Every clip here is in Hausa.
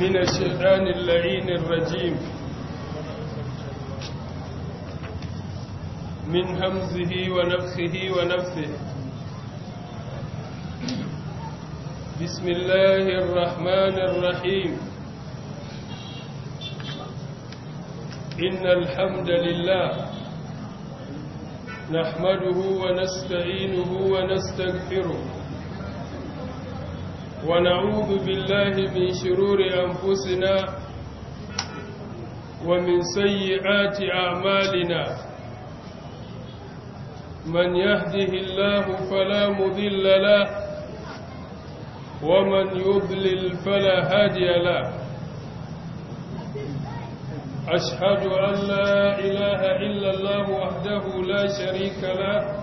من الشيطان اللعين الرجيم من همزه ونفخه ونفثه بسم الله الرحمن الرحيم إن الحمد لله نحمده ونستعينه ونستغفره ونعوذ بالله من شرور أنفسنا ومن سيئات أعمالنا من يهده الله فلا مذل له ومن يضلل فلا هادي له أشهد أن لا إله إلا الله وحده لا شريك له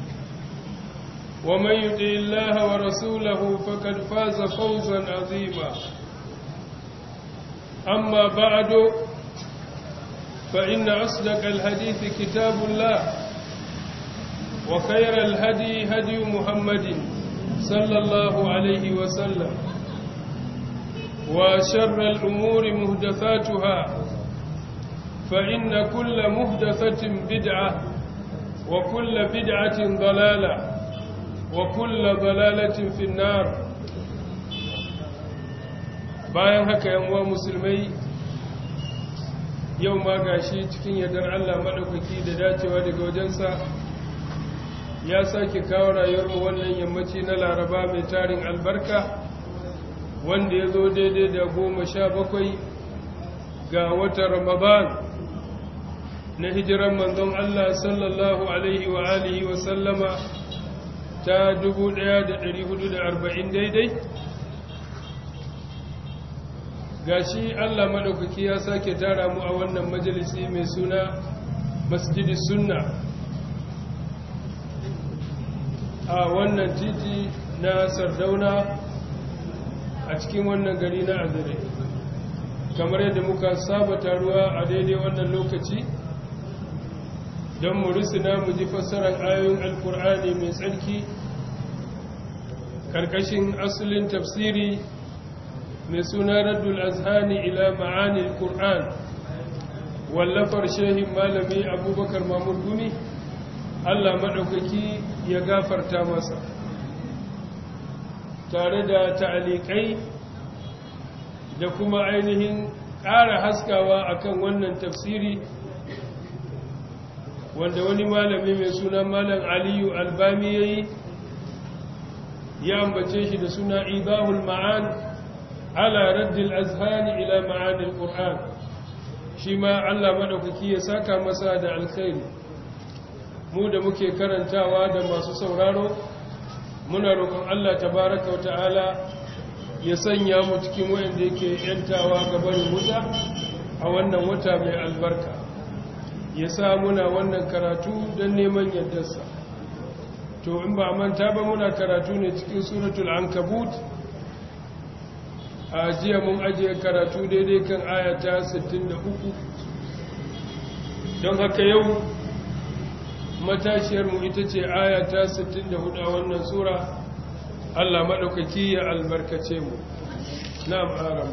ومن يطع الله ورسوله فقد فاز فوزا عظيما أما بعد فإن أصدق الحديث كتاب الله وخير الهدي هدي محمد صلى الله عليه وسلم وشر الأمور محدثاتها فإن كل محدثه بدعة وكل بدعة ضلالة وكل ضلالة في النار bayan haka yan uwa musulmai yau ma gashi cikin yardar Allah madaukaki da dacewa daga wajensa ya sake kawo rayuwar wannan yammaci na Laraba mai tarin albarka wanda ya zo daidai da goma sha bakwai ga watan ramadan na hijiran manzon Allah sallallahu alaihi wa alihi wa sallama ta arba'in daidai Ga shi Allah maɗaukaki ya sake tara mu a wannan majalisi mai suna masjidi sunna a wannan titi na sardauna a cikin wannan gari na azare kamar yadda muka saba taruwa a daidai wannan lokaci don mu risina mu ji fassarar ayoyin alkur'ani mai tsarki karkashin asalin tafsiri mai suna raddul azhani ila ma'anin kur'an wallafar shehin malami abubakar mamur allah maɗaukaki ya gafarta masa tare da ta'aliƙai da kuma ainihin ƙara haskawa akan wannan tafsiri wanda wani malami mai suna malam aliyu albami ya yi ya ambace shi da suna ibahul ma'an ala raddil azhani ila ma'anil ƙur'an shi ma Allah maɗaukaki ya saka masa da alkhairi mu da muke karantawa da masu sauraro muna roƙon Allah tabaraka Ta'ala ya sanya mu cikin da yake yantawa gaban wuta a wannan wata mai albarka ya sa muna wannan karatu don neman yardarsa to in ba manta ba muna karatu ne cikin suratul ankabut a jiya mun ajiye karatu daidai kan ayata 63 don haka yau matashiyarmu ita ce ayata 64 a wannan sura allah maɗaukaki ya albarkace mu na ba.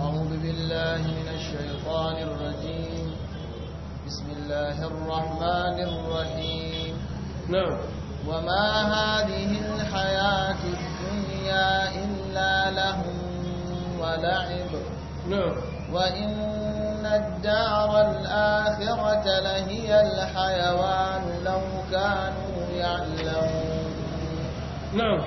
أعوذ بالله من الشيطان الرجيم بسم الله الرحمن الرحيم نعم وما هذه الحياة الدنيا إلا لهم ولعب نعم وإن الدار الآخرة لهي الحيوان لو كانوا يعلمون نعم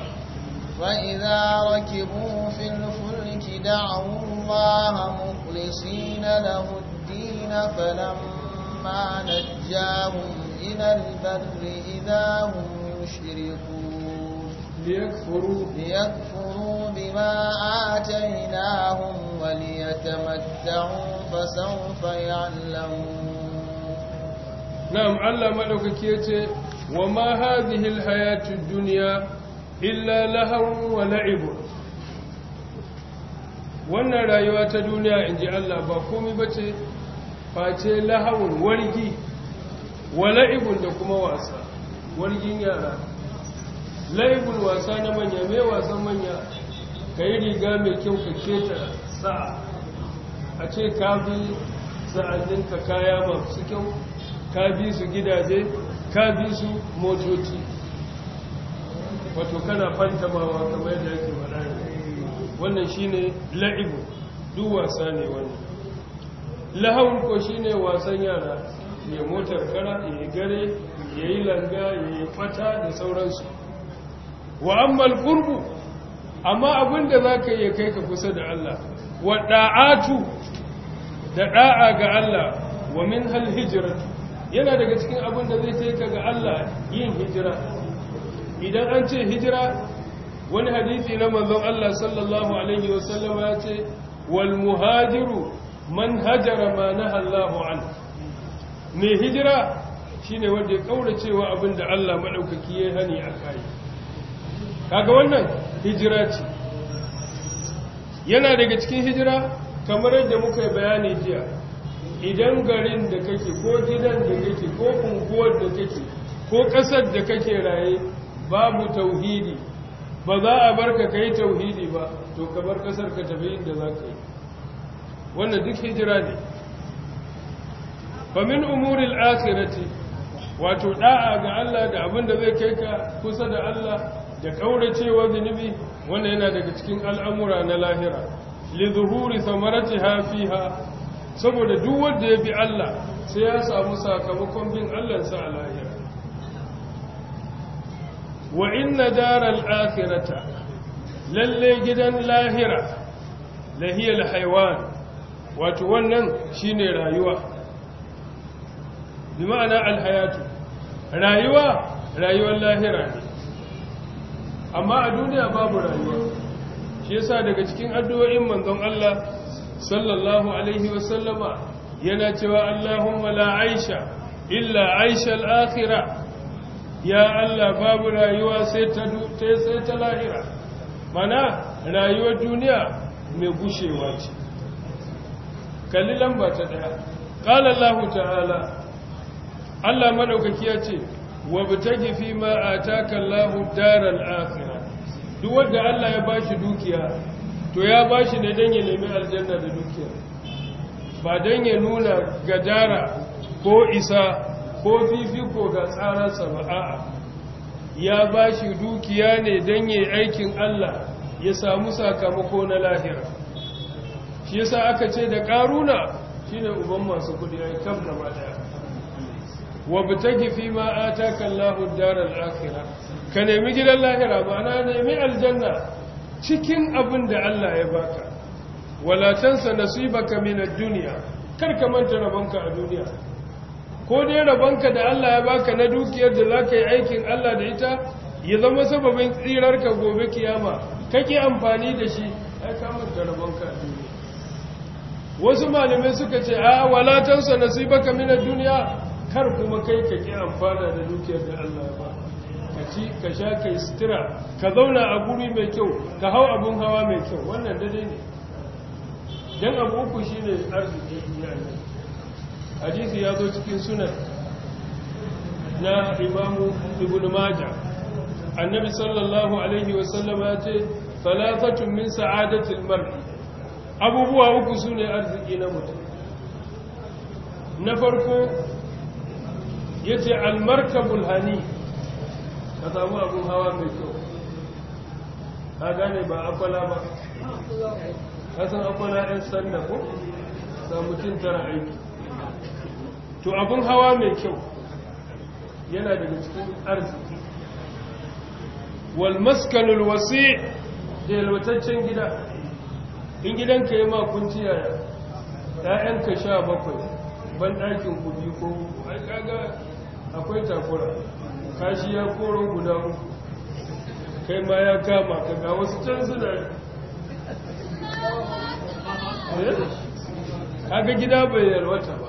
وإذا ركبوا في الفلك الموت دعوا الله مخلصين له الدين فلما نجاهم إلى البر إذا هم يشركون ليكفروا, ليكفروا بما آتيناهم وليتمتعوا فسوف يعلمون نعم علم لك وما هذه الحياة الدنيا إلا لهو ولعب wannan rayuwa ta duniya in ji Allah ba komi ba ce face lahawun wargi la'ibun da kuma wasa wargin yara la'ibun wasa na manya mai wasan manya ka yi riga mai kyau ka keta sa'a a ce ka bi ka kaya masu kyau ka bi su gidaje ka bi su motoci wato kana fantamawa kamar da yake wannan shine la'ibu duk wasa ne wannan lahawun ko shine wasan yara ya motar kara ya gare ya yi langa ya yi fata da sauransu wa ammal qurbu amma abinda zaka yi kai ka kusa da Allah wa da'atu da da'a ga Allah wa min hal hijira yana daga cikin abin da zai taika ga Allah yin hijira idan an ce hijira wani hadisi na manzon Allah sallallahu alaihi wa sallam ya ce wal muhajiru man hajara ma naha Allahu an ne hijira shine wanda ya cewa abinda Allah madaukaki ya hani a kai kaga wannan hijira ce yana daga cikin hijira kamar yadda muka yi bayani jiya idan garin da kake ko gidan da kake ko unguwar da kake ko ƙasar da kake raye babu tauhidi ba za a bar ka kai tauhidi ba to ka bar kasar ka tafi inda za ka yi wannan duk hijira ne famin umuril akhirati wato da'a ga Allah da abin da zai kai ka kusa da Allah da kauracewa zunubi wannan yana daga cikin al'amura na lahira li zuhuri samaratiha fiha saboda duk wanda ya bi Allah sai ya samu sakamakon bin Allah sa a lahira wa inna daral akhirata lalle gidan lahira lahiyal haiwan wato wannan shine rayuwa bi ma'ana alhayatu rayuwa rayuwar lahira ne amma a duniya babu rayuwa shi yasa daga cikin addu'o'in manzon Allah sallallahu alaihi yana cewa Allahumma la aisha illa aisha al-akhirah ya Allah babu rayuwa sai ta sai ta lahira mana rayuwar duniya mai gushewa ce kalli lamba ta daya qala Allah ta'ala Allah madaukaki ya ce wa bitaji fi ma ataka Allah daral akhirah duk wanda Allah ya bashi dukiya to ya bashi ne dan ya nemi aljanna da dukiya ba dan ya nuna gadara ko isa ko fifiko ga tsararsa ba'a ya ba shi dukiya ne don yi aikin Allah ya samu sakamako na lahira shi yasa aka ce da ƙaruna shi ne uban masu kudi a kam na mata wa bitagi fi ma a takan lahun darar lahira. ka nemi gidan lahira ba na nemi aljanna cikin abin da Allah ya baka walatansa nasibaka minar duniya kar ka manta rabonka a duniya ko dai rabonka da Allah ya baka na dukiyar da za ka yi aikin Allah da ita ya zama sababin ka gobe kiyama kake amfani da shi ai kamar da rabonka a duniya wasu malamai suka ce a walatansa baka mina duniya kar kuma kai ka ƙi amfana da dukiyar da Allah ya baka ka sha ka yi sitira, ka zauna a guri mai kyau ka hau abun hawa mai kyau wannan dade ne don abu uku shi ne arziki hadisi ya zo cikin sunan na imamu ibn majah annabi sallallahu alaihi wasallam ya ce falafatun min sa'adatil mar'i abubuwa uku sune arziki na mutum na farko yace markabul hani ka samu abun hawa mai kyau ka gane ba akwala ba ka akwala ɗan sanda ko samu cin tara aiki to abun hawa mai kyau yana daga cikin arziki wal maskanul wasi da yalwataccen gida in gidanka yi makunci yaya ɗayanka sha bakwai ban ɗakin kudi ko ai kaga akwai takura kashi ya koro guda uku kai ma ya kama ka ga wasu can suna eh? kaga gida bai yalwata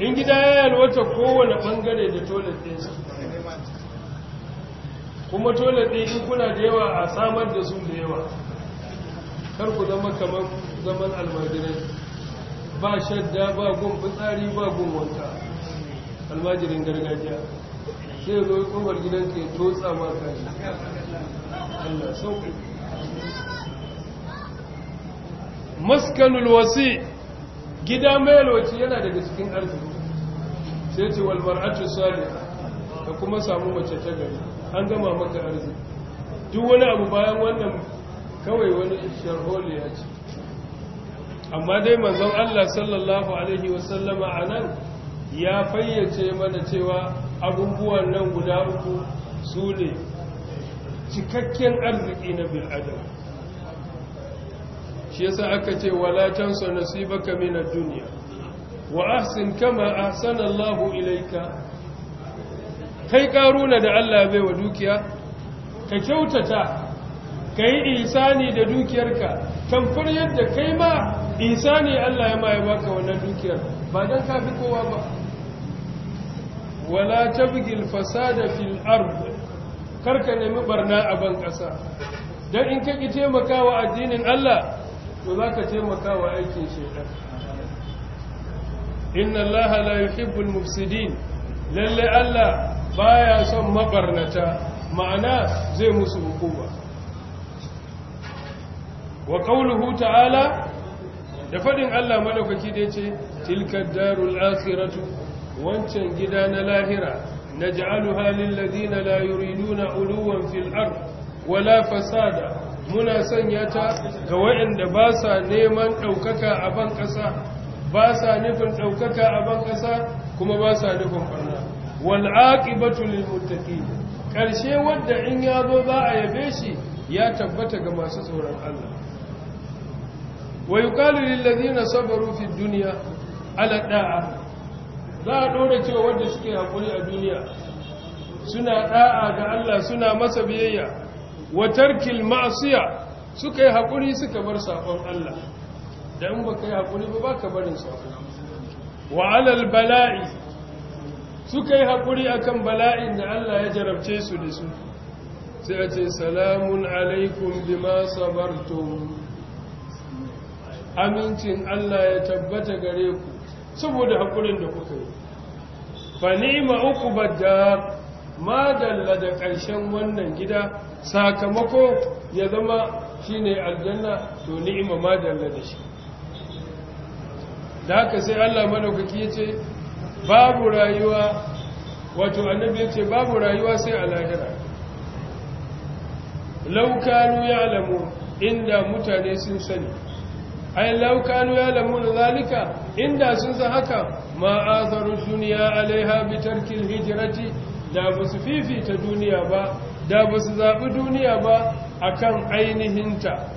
in gida ya alwata kowane bangare da toilet ɗinsa kuma toilet ɗin in kuna da yawa a samar da su da yawa kar ku zama kamar zaman almajirai ba shadda ba gun fitsari ba gun wanka almajirin gargajiya sai zo kumar gidan ke tosa ma kaji Allah sauƙi maskanul wasi' gida mai loci yana daga cikin arziki sai ce walmar'atu salihah ka kuma samu mace ta gari an gama maka arziki duk wani abu bayan wannan kawai wani sharholi ya ce amma dai manzon Allah sallallahu alaihi wasallama a nan ya fayyace mana cewa abubuwan nan guda uku su ne cikakken arziki na bil'adam shi yasa aka ce wala tansa nasibaka min ad-dunya wa ahsin kama ahsana Allah ilayka kai karuna da Allah bai wa dukiya ka kyautata kai insani da dukiyarka tamfar yadda kai ma insani Allah ya mai baka wannan dukiyar ba dan kafi kowa ba wala tabgil fasada fil ard karka nemi barna a ban kasa dan in kake taimakawa addinin Allah to za ka taimaka wa aikin shaidan inna allaha la yuhibbul mufsidin lalle allah baya son mabarnata ma'ana zai musu hukuma wa qawluhu ta'ala da fadin Allah madaukaki da yace tilka darul akhiratu wancan gida na lahira naj'aluha lil ladina la yuriduna uluwan fil ard wala fasada muna sanya ta ga waɗanda ba sa neman ɗaukaka a ban ƙasa ba sa nufin ɗaukaka a ban ƙasa kuma ba sa nufin farna wal'aƙibatu mutafi ƙarshe wadda in ya zo za a yabe shi ya tabbata ga masu tsoron Allah wa yuqalu lil ladina sabaru fi duniya alaɗa'a za a ɗora cewa wanda suke haƙuri a duniya suna ɗa'a ga Allah suna masa biyayya wa tarkil ma'asiya suka yi haƙuri suka bar saƙon Allah da in baka yi haƙuri ba baka barin saƙon wa alal bala'i suka yi haƙuri akan bala'in da Allah ya jarabce su da su sai a ce salamun alaikum bima sabartum amincin Allah ya tabbata gare ku saboda haƙurin da kuka yi fa ma uku badda. madalla da ƙarshen wannan gida sakamako ya zama shine aljanna to ni'ima madalla da shi da haka sai Allah madaukaki ce babu rayuwa wato annabi ya ce babu rayuwa sai a lahira laukanu ya alamu inda mutane sun sani ai ya alamu na zalika inda sun sa haka ma'azarun suniya alaiha bitar tarkil da ba su fifita duniya ba da ba su zaɓi duniya ba a akan ainihinta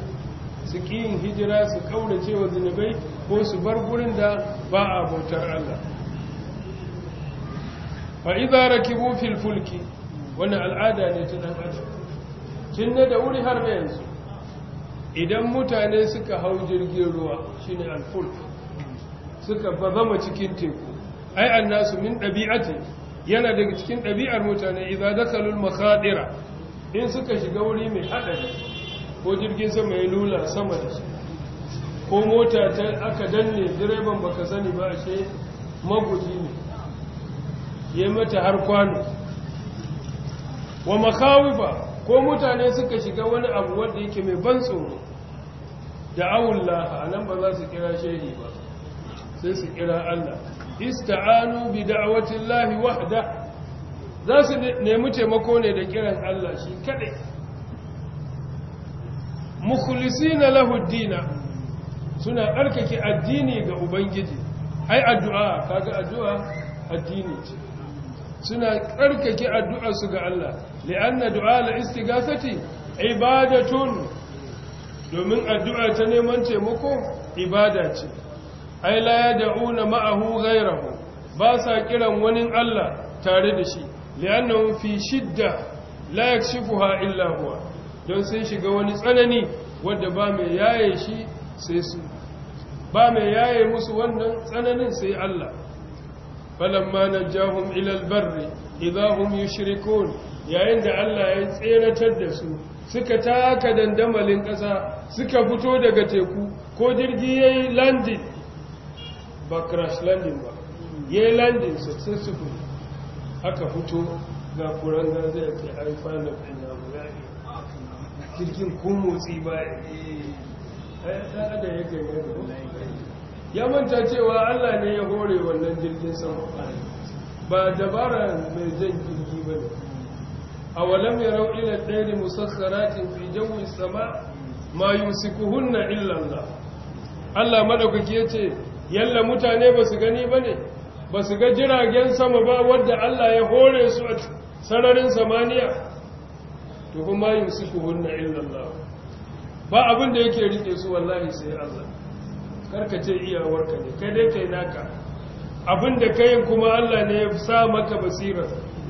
su ƙiyin hijira su ƙaunace wa zunubai ko su bar gurin da ba a bautar Allah fa raki rakibu fil fulki Wani al'ada ne ta dan adam tun da wuri har da yanzu idan mutane suka hau jirgin ruwa shine al fulk suka bazama cikin teku ai annasu min dabi'ati yana daga cikin ɗabi'ar mutane iza dakalul makhadira in suka shiga wuri mai haɗari ko jirgin sama ya lula sama da su ko mota ta aka danne direban baka sani ba ashe maguji ne ya mata har kwano wa makawifa ko mutane suka shiga wani abu wanda yake mai ban tsoro da awullaha a nan ba za su kira shehi ba sai su kira allah ista'anu bi da'wati Allah wahda za nemi taimako ne da kiran Allah shi kade mukhlisina lahu dina suna arkake addini ga ubangiji ai addu'a kaga addu'a addini ce suna tsarkake addu'a su ga Allah li'anna du'a la istighafati ibadatun domin addu'a ta neman taimako ibada ce ai la yad'una ma'ahu ghayrahu ba sa kiran wani Allah tare da shi li'annahu fi shidda la yakshifuha illa huwa don sun shiga wani tsanani wanda ba mai yaye shi sai su ba mai yaye musu wannan tsananin sai Allah falamma najahum ila albarri idahum yushrikun yayin da Allah ya tseratar da su suka taka dandamalin ƙasa suka fito daga teku ko jirgi yayi landing ba crash landing ba ya yi landing successful aka fito ga kuranga zai ta haifa da fina guda jirgin kun motsi ba ya ya manta cewa allah ne ya hore wannan jirgin sama ba dabara mai jan jirgi ba ne a walam ya rau ila ɗari musassaratin fi jawin sama ma yusikuhunna illallah allah madaukaki ya ce yalla mutane ba su gani ba ne ba su ga jiragen sama ba wadda Allah ya hore su a sararin samaniya to kuma yin suku hunna illallah ba abin da yake rike su wallahi sai Allah karkace iyawarka ne kai dai kai naka abin da kai kuma Allah ne ya sa maka basira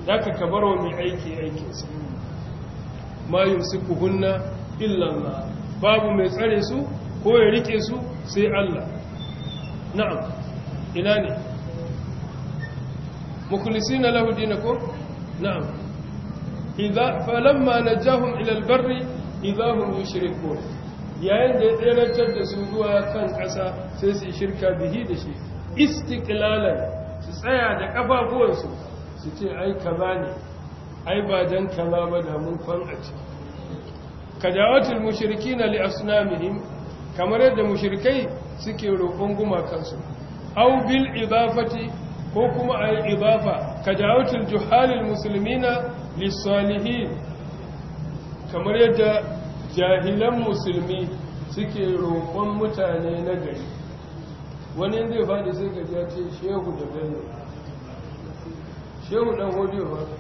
zaka ka baro mai aiki aiki, su ma yumsiku hunna illallah babu mai tsare su ko ya rike su sai Allah na'am ina ne mukhlisina lahu dinakum na'am idza falamma najahum ila albarri idza hum yushrikun yayin da ya tseratar da su zuwa kan ƙasa sai su shirka bihi da shi istiklalan su tsaya da ƙafafuwansu su ce ai kaza ne ai ba don kaza ba da mun kwan a ci kadawatul mushrikina li asnamihim kamar yadda mushrikai suke roƙon gumakansu au bil idafati ko kuma a yi idafa ka da'autul juhalil musulmina lissalihin kamar yadda jahilan musulmi suke roƙon mutane na gari wani zai faɗi sai gaji ya ce shehu da bello shehu ɗan ba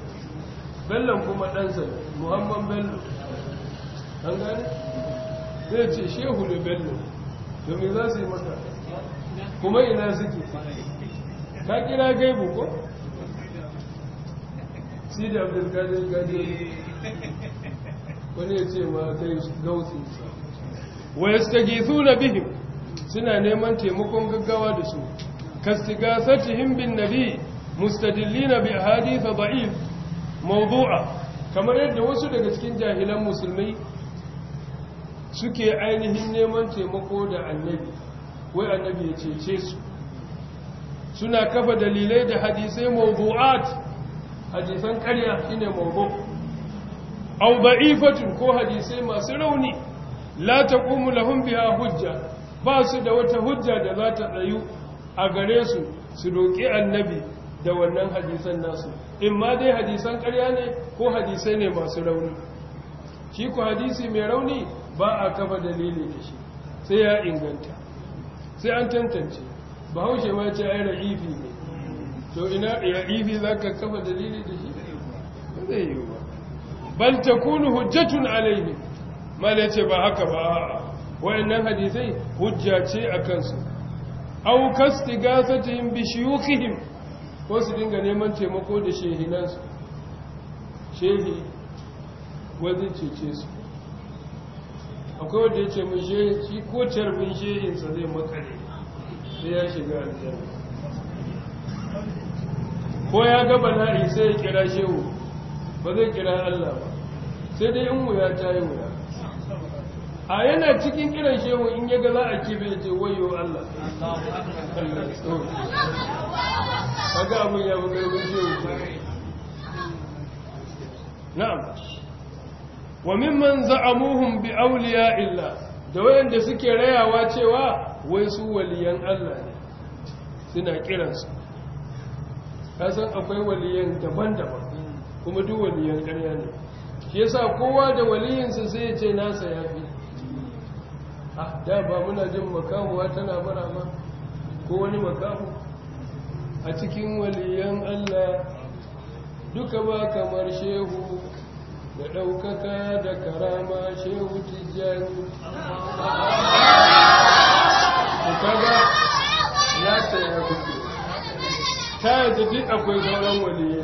Bello kuma ɗansa muhammad bello an gane zai ce shehu da bello to za su yi maka kuma ina suke ka kira gaibu ko shi da abdulkadir gadi wani ya ce ma kai gautsi wa na bihim suna neman taimakon gaggawa da su kastigasatihim himbin nabi mustadillina bi ahadith da'if mawdu'a kamar yadda wasu daga cikin jahilan musulmai suke ainihin neman taimako da annabi wai annabi ya cece su suna kafa dalilai da hadisai mawdu'at hadisan ƙarya shine mawdu' aw da'ifatun ko hadisai masu rauni la taqumu lahum biha hujja ba su da wata hujja da za ta tsayu a gare su su roƙi annabi da wannan hadisan nasu in ma dai hadisan karya ne ko hadisai ne masu rauni shi ku hadisi mai rauni ba a kafa dalili da shi sai ya inganta sai an tantance ba haushe ma ce ai ra'ifi ne to ina ra'ifi za ka kafa dalili da shi zai yi ba bal ta kunu hujjatun alaihi mala ce ba haka ba wa'annan hadisai hujja ce a kansu au kasti bishiyu bi shuyukhihim ko su dinga neman taimako da shehinansu shehi wazin cece su akwai wanda ya ce mun shehi shi ko carbin shehinsa zai makare sai ya shiga aljanna ko ya ga bala'i sai ya kira shehu ba zai kira Allah ba sai dai yin wuya ta yi wuya a yana cikin kiran shehu in ya ga za a ya ce wayo Allah ga abin ya bukari ƙarfin shehu na'am wa mimman za'amuhum bi awliya illa da wayanda suke rayawa cewa wai su waliyan Allah ne suna kiransu kasan akwai waliyan daban-daban kuma duk waliyan ƙarya ne shi yasa kowa da sa sai ya ce nasa yafi ah da ba muna jin makamuwa tana bara ma ko wani makamu a cikin waliyan Allah duka ba kamar shehu da ɗaukaka da karama shehu tijjani kaga ya ta ya kuke ta yadda duk akwai sauran waliyai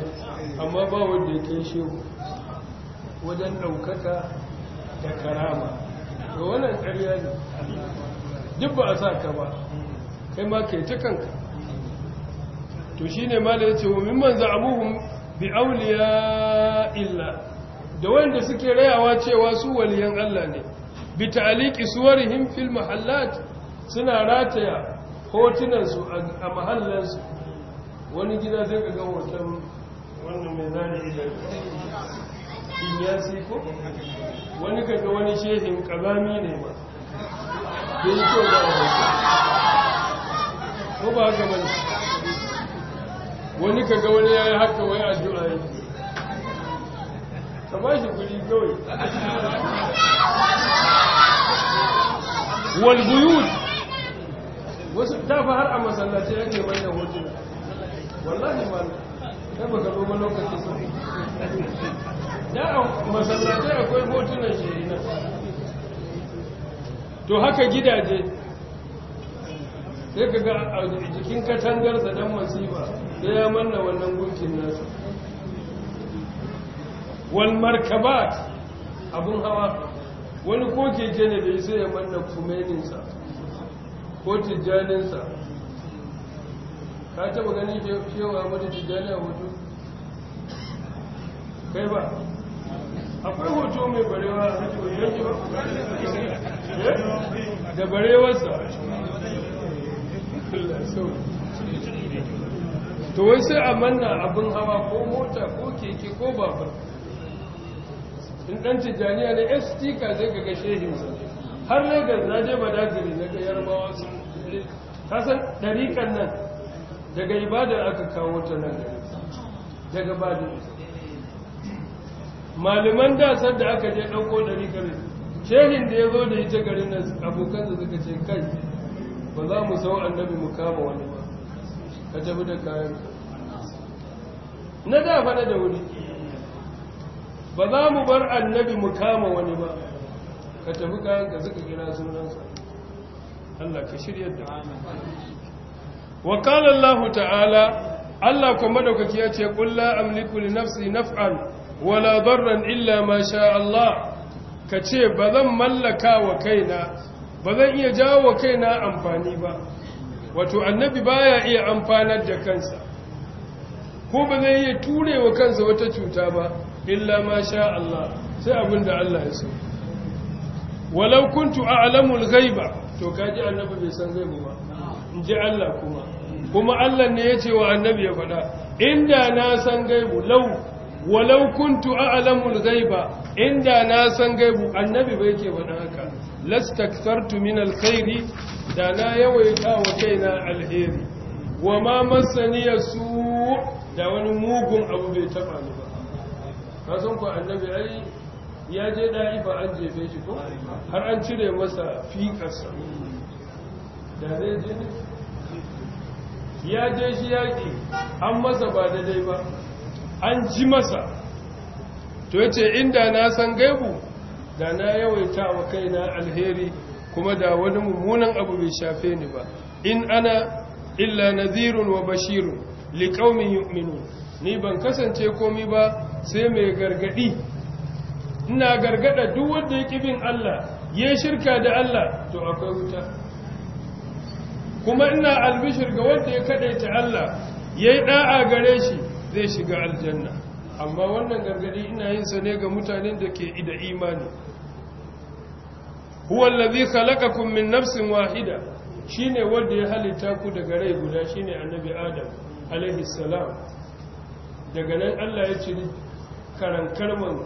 amma ba wanda ya kai shehu wajen ɗaukaka da karama Da wannan ƙarya ne duk ba a sa ka ba kai ma kai ta kanka to ne ma da ya ce wa mimman za'abuhum bi auliya illa da wanda suke rayawa cewa su waliyan Allah ne bi ta'liqi suwarihim fil mahallat suna rataya hotunansu a su wani gida zai ka ga hoton wannan mai zane idan in ya ko wani ka ga wani shehin kazami ne ba da yi da wani ko ba ga wani wani ka ga wani ya yi haka wai addu'a yake ka ba shi guri kawai walbuyut wasu dafa har a masallaci yake mai da hotuna wallahi ma da ba ka ba lokaci sun da a masallaci akwai hotunan na. to haka gidaje sai ka ga a jikin katangar sa dan masifa da ya manna wannan gunkin nasu. wal markabat abun hawa wani ko keke ne da isa ya manna kumeninsa ko tijjaninsa ka taba gani cewa wani tijjani a hoto kai ba akwai hoto mai barewa a hajjiwa yanki ba eh? da barewarsa to wai sai a manna abin hawa ko mota ko keke ko babar in ɗan tijjaniya ne yan stika zai ka ga gashe ne har lagos na je dajiri na ga yarbawa sun san ɗarikan nan daga ibadar aka kawo ta nan daga badin malaman da da aka je ɗauko ɗarikan shehin da ya zo da ita garin nan da suka ce kai ba za mu sau annabi mu kama wani ba ka tafi da kayan na da faɗa da wuri ba za mu bar annabi mu kama wani ba ka tafi kayan ka zuka kira sunansa Allah ka shirya da wa qala Allah ta'ala Allah kuma madaukaki ya ce qul la amliku li nafsi naf'an wala darran illa ma sha Allah ka ce ba zan mallaka wa kaina ba zan iya jawo wa kaina amfani ba wato annabi baya iya amfanar da kansa ko ba zai iya ture wa kansa wata cuta ba illa ma sha Allah sai abin da Allah ya so walau kuntu a'lamul ghaiba to kaji annabi bai san ghaibu ba in ji Allah kuma kuma Allah ne ya ce wa annabi ya faɗa inda na san gaibu lau walau kuntu a'lamul ghaiba inda na san gaibu annabi bai ke faɗa haka lastakthartu min alkhairi da na yawaita wa kaina alheri wa ma masani su da wani mugun abu bai taba ni ba ka san ku annabi ai ya je da'ifa an jefe shi ko har an cire masa fikarsa da zai je ne ya je shi yaƙi an masa ba daidai ba an ji masa to yace inda na san gaibu da na yawaita wa kaina alheri kuma da wani mummunan abu bai shafe ni ba in ana illa nadhirun wa bashirun liqaumin yu'minun ni ban kasance komi ba sai mai gargadi ina gargada duk wanda yake bin Allah ya shirka da Allah to akwai wuta kuma ina albishir ga wanda ya kadaita Allah yayi da'a gare shi zai shiga aljanna amma wannan gargadi ina yin sa ne ga mutanen da ke da imani huwa allazi khalaqakum min nafsin wahida shine wanda ya halitta ku daga rai guda shine annabi adam alaihi salam daga nan Allah ya ce man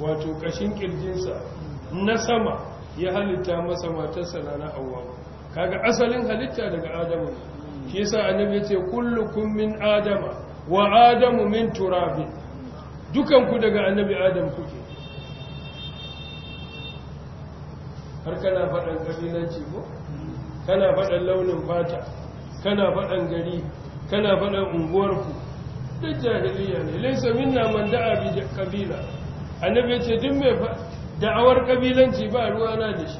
wato kashin ƙirjinsa na sama ya halitta masa matarsa na na hawa kaga asalin halitta daga adamu shi yasa annabi yace kullukum min adama wa adamu min turabi dukan ku daga annabi adam kuke har kana faɗan ƙabilanci ko kana faɗan launin fata kana faɗan gari kana faɗan unguwarku da jahiliya ne laisa minna man da'a bi kabila annabi ya ce duk mai da'awar kabilanci ba ruwa na da shi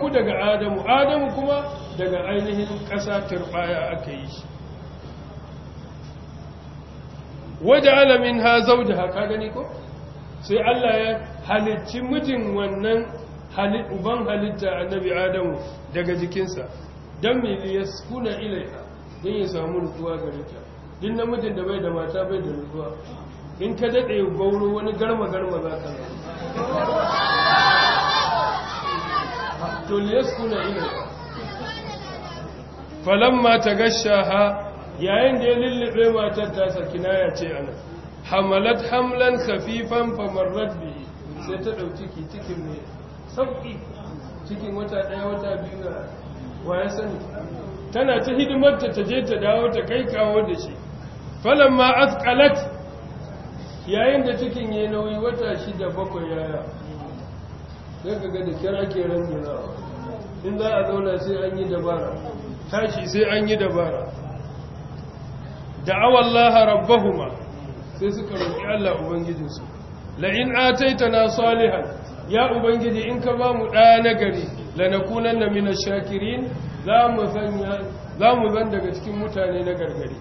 ku daga adamu adamu kuma daga ainihin ƙasa turbaya aka yi shi waje alamin ha zau haka gani ko sai allah ya halicci mijin wannan uban halitta annabi adamu daga jikinsa don miliyaskuna ilaiha don ya samu rutuwa gare ta din namijin da bai da mata bai da rutuwa in ka daɗe gauro wani garma-garma za ka zama to liyaskuna ilai falon ta gasha ha yayin da ya lullube matar tasa kinaya ce ana hamalat hamlan khafifan famar rabbi sai ta ɗauki ciki cikin ne sauƙi cikin wata ɗaya wata biyu ga ya sani tana ta hidimarta ta je ta dawo ta kai kawo da shi falon ma askalat yayin da cikin ya nauyi wata shi da bakwai yaya sai ka ga da kira ke randunawa in za a zauna sai an yi dabara tashi sai an yi dabara da'awar laha rabbahuma sai suka roƙi Allah Ubangijinsu la'in ataitana salihan ya Ubangiji in ka ba mu ɗaya nagari lanakunan na mina shakirin za mu zan daga cikin mutane na gargari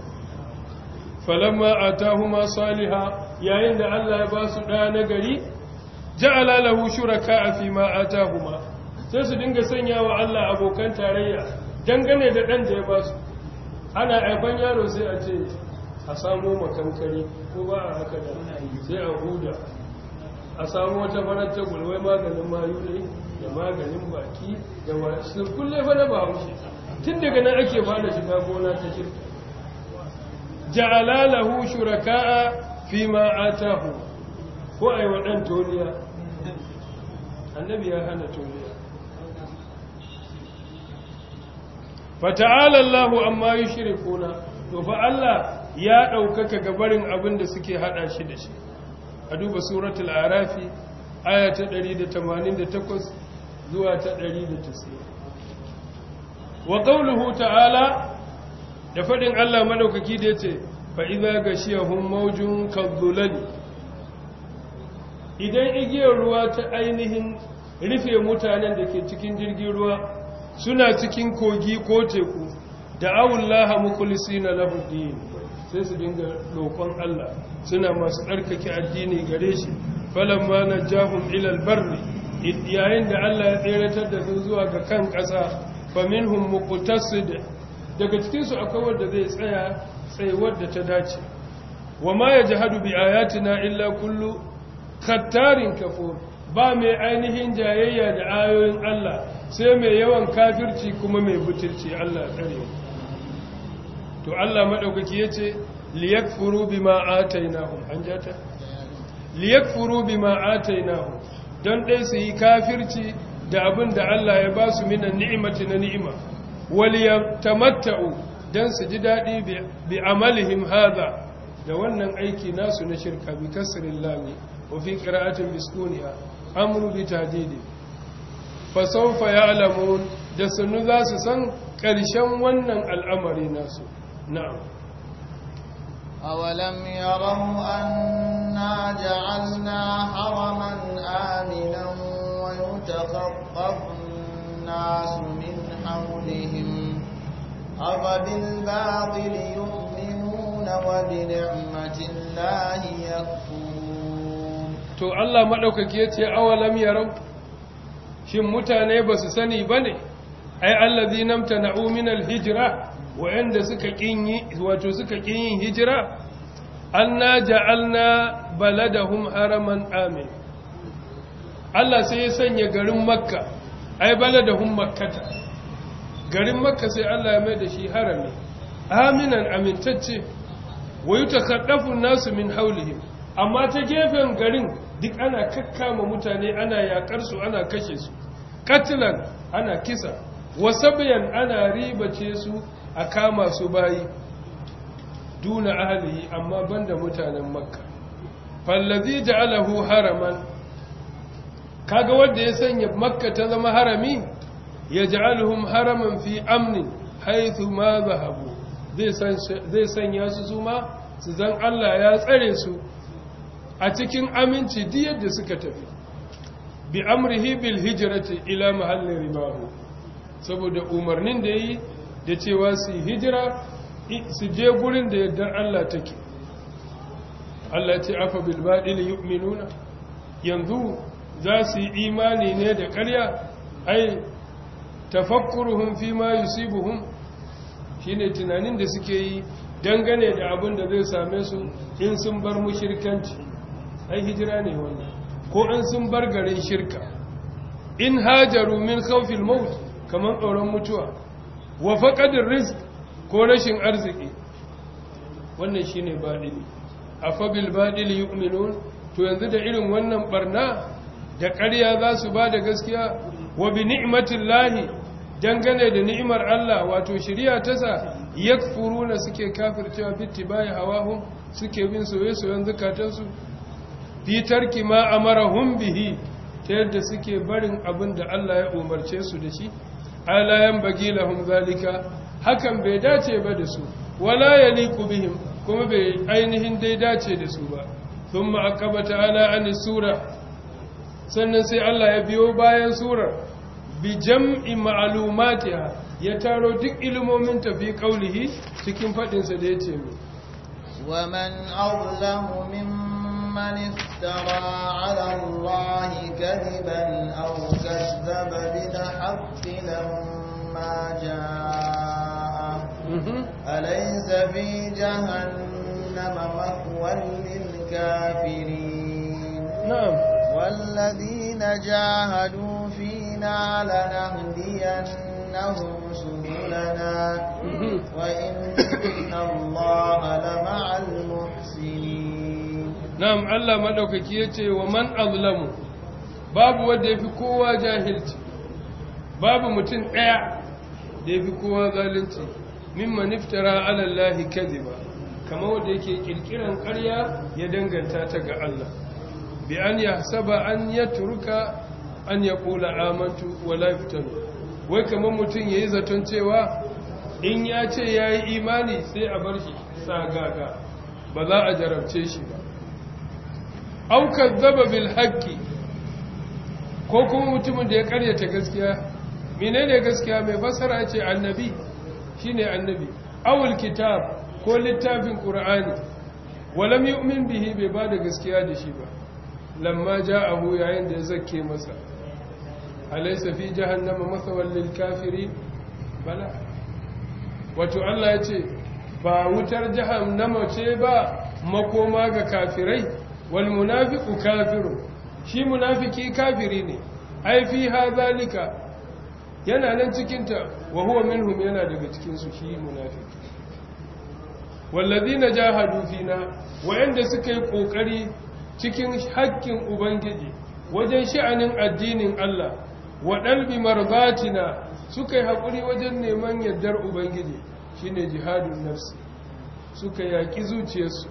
falamma a tahuma saliha yayin da Allah ya ba su ɗaya na gari ja'ala shura shuraka a fi ma a tahuma sai su dinga sanya wa Allah abokan tarayya dangane da ɗan da ya ba su ana haifan yaro sai a ce a samo makankari ko ba a haka da sai a huda a samu wata farar tagul wai maganin mayu ne da maganin baki da wasu kulle fa na bahaushe tun daga nan ake ba da shiga gona ta shirka ja'ala lahu shuraka'a fi ma atahu ko ai wadan toniya annabi ya hana fa ta'ala Allahu amma yushrikuna to fa Allah ya ɗaukaka gabarin abin da suke haɗa shi da shi a duba suratul arafi aya ta 188 zuwa ta 190 wa qawluhu ta'ala da fadin Allah madaukaki da yace fa idza gashiyahum mawjun kadhulal idan igiyar ruwa ta ainihin rufe mutanen da ke cikin jirgin ruwa suna cikin kogi ko teku da awullaha mukhlisina lahu din sai su dinga roƙon Allah suna masu tsarkake addini gare shi ma falan na jahun ilal barri yayin da Allah ya tseratar da su zuwa ga kan ƙasa faminhum muqtasid daga cikin su akwai wanda zai tsaya tsayuwar da ta dace wa ma ya yajhadu bi ayatina illa kullu kattarin kafur ba mai ainihin jayayya da ayoyin Allah sai mai yawan kafirci kuma mai butirci Allah tsare mu to Allah madaukaki yace liyakfuru bima atainahum an jata liyakfuru bima atainahum don dai su yi kafirci da abin da Allah ya ba su minan ni'imati na ni'ima waliyatamatta'u dan su ji dadi bi amalihim hadha da wannan aiki nasu na shirka bi kasrin lami wa fi qira'atin biskuniya amru bi tajidi fa sawfa ya'lamun da sunu za su san ƙarshen wannan al'amari nasu نعم أولم يروا أنا جعلنا حرما آمنا ويتخطف الناس من حولهم أفبالباطل يؤمنون وبنعمة الله يكفرون تو الله ملوكك يتي أولم يروا shin mutane ba su sani ba ne ai allazi namta na'u min alhijra wa'anda suka kin yi wato suka kin yin hijira anna ja'alna baladahum haraman amin Allah sai ya sanya garin makka ai baladahum makkata garin makka sai Allah ya mai da shi harami aminan amintacce wayu takaddafu nasu min haulihim amma ta gefen garin duk ana kakkama mutane ana yakar su ana kashe su katilan ana kisa wasabiyan ana ribace su a kama su bayi duna ahlihi amma banda mutanen makka fallazi ja'alahu haraman kaga wanda ya sanya makka ta zama harami ya ja'alhum haraman fi amnin haythu ma zahabu zai sanya su suma su zan Allah ya tsare su a cikin aminci diyar yadda suka tafi bi amrihi bil hijrati ila mahallin ribahu saboda umarnin da yi da cewa su hijira su je gurin da yadda Allah take Allah ce afa bil yu'minuna yanzu za su yi imani ne da ƙarya ai tafakkuruhum fi ma yusibuhum shine tunanin da suke yi dangane da abin da zai same su in sun bar mushirkanci ai hijira ne wannan ko an sun bar garin shirka in hajaru min khawfil maut kamar tsoron mutuwa wa faƙadin risk ko rashin arziki wannan shi ne baɗili a fabil baɗili yu'minun to yanzu da irin wannan ɓarna da ƙarya za su ba da gaskiya wa bi ni'matin lahi dangane da ni'imar Allah wato shirya ta sa yakfuruna suke kafircewa fitti baya hawahum suke bin soye-soyen zukatansu fitar ki ma hun bihi ta yadda suke barin abin da Allah ya umarce su da shi ala bagi lahum zalika hakan bai dace ba da su wala yaliqu bihim kuma bai ainihin dai dace da su ba thumma aqaba ta'ala an sura sannan sai Allah ya biyo bayan surar bi jam'i ma'lumatiha ya taro duk ilimomin ta fi qaulihi cikin fadin da yace mu wa من افترى على الله كذبا أو كذب بالحق لما جاء أليس في جهنم مثوى للكافرين نعم والذين جاهدوا فينا لنهدينهم سبلنا وإن الله لمع المحسنين na'am Allah ya ce wa man azlamu babu wanda fi kowa jahilci babu mutum ɗaya da yafi kowa zalunci min iftara ala Allah kadiba kama wanda yake ƙirƙiran ƙarya ya danganta ta ga Allah bi an saba an turuka an yaqula amantu wa la wai kamar mutum yayi zaton cewa in ya ce yayi imani sai a bar shi gaga ba za a jarabce shi ba au zaba bil haƙƙi ko kuma mutumin da ya karyata gaskiya menene gaskiya mai fasara ce annabi Shi ne annabi awul kitab ko littafin ƙura'ani walam umin bihi bai bada gaskiya da shi ba lamma ja a yayin da ya zakke masa alaysa fi jahannama masa wallin kafirin bala wato Allah ya ce ba wutar jahannama ce ba makoma ga kafirai wal munafiqu shi munafiki kafiri ne ai fi zalika yana nan cikin ta wa huwa minhum yana daga cikin su shi munafiki wallazina jahadu fina wa'anda suka yi kokari cikin haƙƙin ubangiji wajen sha'anin addinin Allah wa dalbi marbatina suka yi haƙuri wajen neman yardar ubangiji shine jihadun nafsi suka yaki zuciyarsu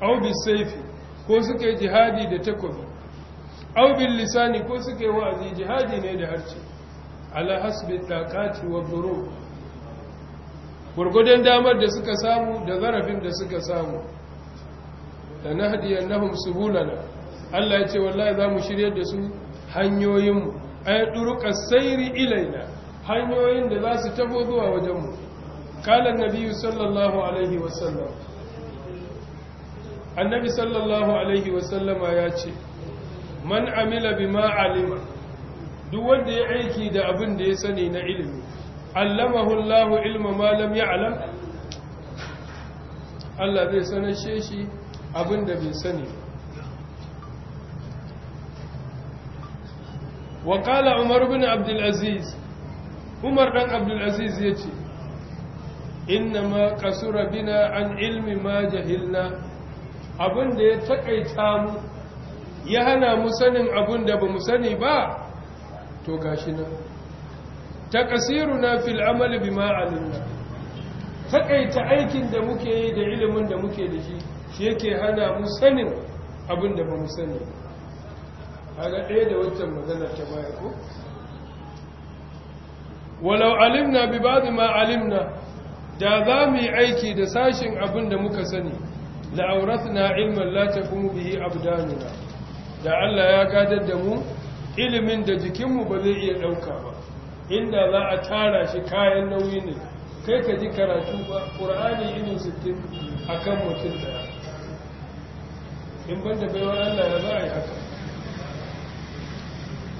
au bisayfi ko suka yi jihadi da takobi Aubin lisani ko suka wa'azi jihadi ne da harce ala hasbi taqati wa buru. gurgudun damar da suka samu da zarafin da suka samu Da lanahdiyannahum subulana Allah ya ce wallahi zamu shiryar da su hanyoyinmu ay ɗuruƙa sayri ilaina hanyoyin da za su tabo zuwa wajenmu qala an-nabiy sallallahu alaihi wasallam annabi sallallahu alaihi wasallama ya ce man amila bima alima duk wanda ya aiki da abin da ya sani na ilimi allamahu Allahu ilma ma lam ya'lam Allah zai sanashe shi abin da bai sani wa qala Umar ibn Abdul Aziz Umar dan Abdul Aziz yace inna ma kasura bina an ilmi ma jahilna abin da ya takaita mu ya hana mu sanin abin da ba mu sani ba to gashi nan na fil amali bima alimna takaita aikin da muke yi da ilimin da muke da shi shi yake hana mu sanin abin da ba mu sani kaga ɗaya da wancan magana ta baya ko walau alimna bi ba'd ma alimna da za mu yi aiki da sashin abin da muka sani la'auratna ilman la taqumu bihi abdanuna da Allah ya gadar da mu ilimin da jikinmu ba zai iya ɗauka ba inda za a tara shi kayan nauyi ne kai ka ji karatu ba qur'ani irin 60 akan mutum daya in banda baiwar Allah ya za a yi haka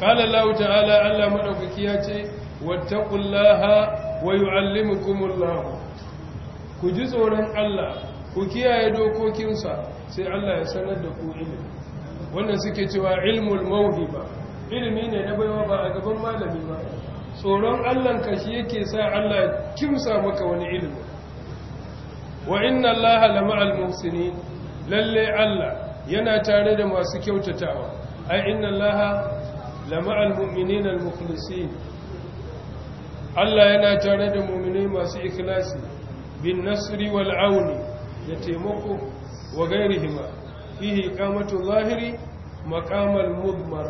qala Allah ta'ala Allah madaukaki ya ce wattaqullaha wa yu'allimukumullah ku ji tsoron Allah ku kiyaye dokokinsa sai Allah ya sanar da ku ilimi wannan suke cewa ilmul mawhiba ilimi ne na baiwa ba a gaban malami ba tsoron Allah ka shi yake sa Allah ya kimsa maka wani ilimi wa inna Allah lama'al muhsinin lalle Allah yana tare da masu kyautatawa ai inna Allah lama'al mu'minin al-mukhlisin Allah yana tare da mu'minai masu ikhlasi bin nasri wal auni da taimako wa gairihima fihi kamatu zahiri maqamal mudmar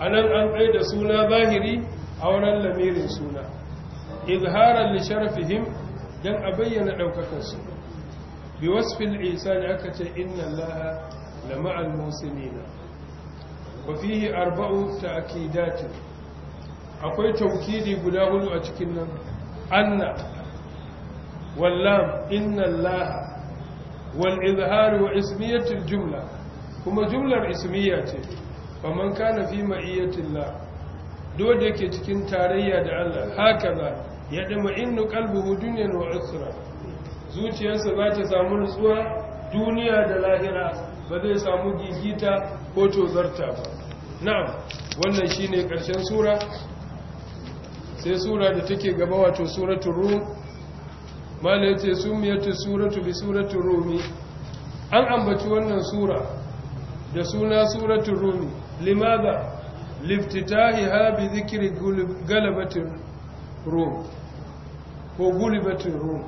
nan an kai da suna zahiri a lamirin suna izharar lisharfihim sharafihim dan a bayyana daukakar su bi wasfil ihsan aka ce inna laha lama al musinina wa fihi arba'u ta'kidat akwai taukidi guda hudu a cikin nan anna wallam inna laha. wal izhari wa ismiyatul jumla kuma jumlar ismiya ce faman kana fi ma'iyatillah Doda da yake cikin tarayya da Allah hakaza ya dama innu qalbuhu dunyan wa ukhra zuciyarsa za ta samu nutsuwa duniya da lahira ba zai samu gigita ko tozarta ba na'am wannan shine ƙarshen sura sai sura da take gaba wato suratul rum mala ya ce sumiyatu suratu bi suratun rumi an ambaci wannan sura da suna suratun rumi limaza liftitahi ha bi zikiri galibatin rum ko gulibatin rum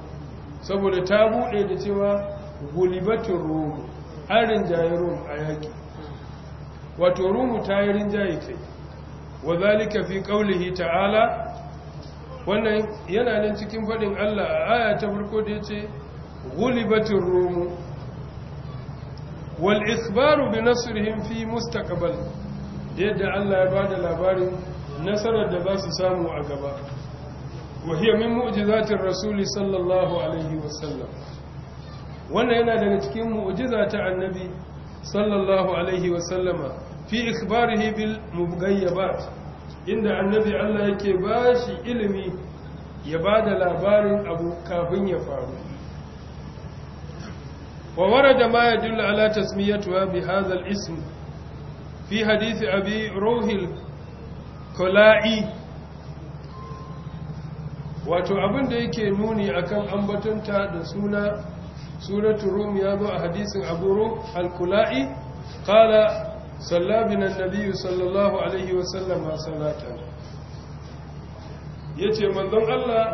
saboda ta bude da cewa gulibatin rum an rinjaye rum a yaki. wato rumu ta yi rinjaye kai wa zalika fi kaulihi ta'ala wannan yana nan cikin faɗin Allah a aya ta farko da ya ce gulibatin romu wal isbaru bi nasrihim fi mustaqbal yadda Allah ya bada labarin nasarar da za su samu a gaba wa hiya min mu'jizatir rasuli sallallahu alaihi wannan yana daga cikin mu'jiza ta annabi sallallahu alaihi sallama fi ikhbarihi bil mugayyabat inda annabi Allah yake ba shi ilimi ya ba da labarin abu kafin ya faru wa warada ma yadullu ala tasmiyatuha bi hadha al-ism fi hadith abi ruhil kula'i wato abin da yake nuni akan ambatunta da suna suratul rum ya zo a hadisin abu ruh al-kula'i qala صلى بنا النبي صلى الله عليه وسلم صلاة يتي من ضم الله